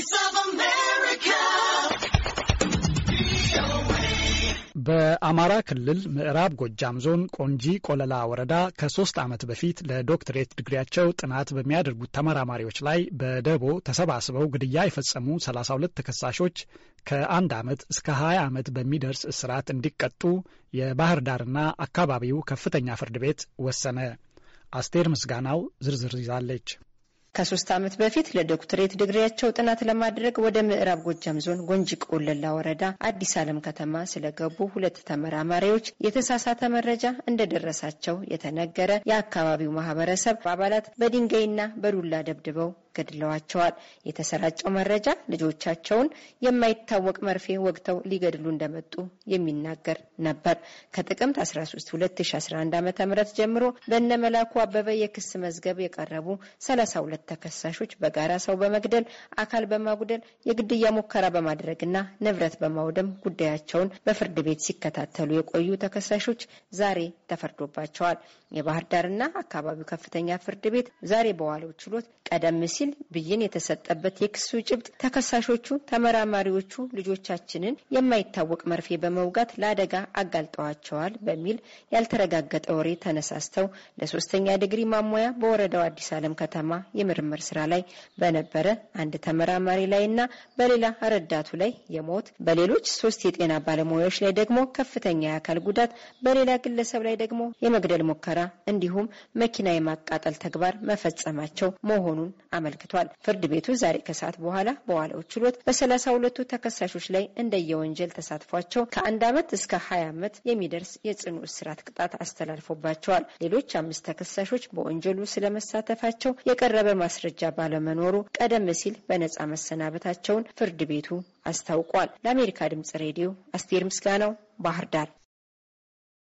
Voice of America. በአማራ ክልል ምዕራብ ጎጃም ዞን ቆንጂ ቆለላ ወረዳ ከሶስት ዓመት በፊት ለዶክትሬት ድግሪያቸው ጥናት በሚያደርጉት ተመራማሪዎች ላይ በደቦ ተሰባስበው ግድያ የፈጸሙ 32 ተከሳሾች ከአንድ ዓመት እስከ 20 ዓመት በሚደርስ እስራት እንዲቀጡ የባህር ዳርና አካባቢው ከፍተኛ ፍርድ ቤት ወሰነ። አስቴር ምስጋናው ዝርዝር ይዛለች። ከሶስት ዓመት በፊት ለዶክትሬት ድግሪያቸው ጥናት ለማድረግ ወደ ምዕራብ ጎጃም ዞን ጎንጂ ቆለላ ወረዳ አዲስ ዓለም ከተማ ስለገቡ ሁለት ተመራማሪዎች የተሳሳተ መረጃ እንደደረሳቸው የተነገረ የአካባቢው ማህበረሰብ አባላት በድንጋይና በዱላ ደብድበው ገድለዋቸዋል። የተሰራጨው መረጃ ልጆቻቸውን የማይታወቅ መርፌ ወግተው ሊገድሉ እንደመጡ የሚናገር ነበር። ከጥቅምት 13 2011 ዓ ም ጀምሮ መላኩ አበበ የክስ መዝገብ የቀረቡ 32 ተከሳሾች በጋራ ሰው በመግደል አካል በማጉደል የግድያ ሙከራ በማድረግና ንብረት በማውደም ጉዳያቸውን በፍርድ ቤት ሲከታተሉ የቆዩ ተከሳሾች ዛሬ ተፈርዶባቸዋል። የባህር ዳርና አካባቢው ከፍተኛ ፍርድ ቤት ዛሬ በዋለው ችሎት ቀደም ሲል ሲል ብይን የተሰጠበት የክሱ ጭብጥ ተከሳሾቹ ተመራማሪዎቹ ልጆቻችንን የማይታወቅ መርፌ በመውጋት ለአደጋ አጋልጠዋቸዋል በሚል ያልተረጋገጠ ወሬ ተነሳስተው ለሶስተኛ ዲግሪ ማሞያ በወረዳው አዲስ ዓለም ከተማ የምርምር ስራ ላይ በነበረ አንድ ተመራማሪ ላይና በሌላ ረዳቱ ላይ የሞት በሌሎች ሶስት የጤና ባለሙያዎች ላይ ደግሞ ከፍተኛ የአካል ጉዳት በሌላ ግለሰብ ላይ ደግሞ የመግደል ሙከራ እንዲሁም መኪና የማቃጠል ተግባር መፈጸማቸው መሆኑን አመ አመልክቷል። ፍርድ ቤቱ ዛሬ ከሰዓት በኋላ በዋለው ችሎት በሰላሳ ሁለቱ ተከሳሾች ላይ እንደየወንጀል ተሳትፏቸው ከአንድ ዓመት እስከ ሀያ ዓመት የሚደርስ የጽኑ እስራት ቅጣት አስተላልፎባቸዋል። ሌሎች አምስት ተከሳሾች በወንጀሉ ስለመሳተፋቸው የቀረበ ማስረጃ ባለመኖሩ ቀደም ሲል በነጻ መሰናበታቸውን ፍርድ ቤቱ አስታውቋል። ለአሜሪካ ድምጽ ሬዲዮ አስቴር ምስጋናው ባህር ዳር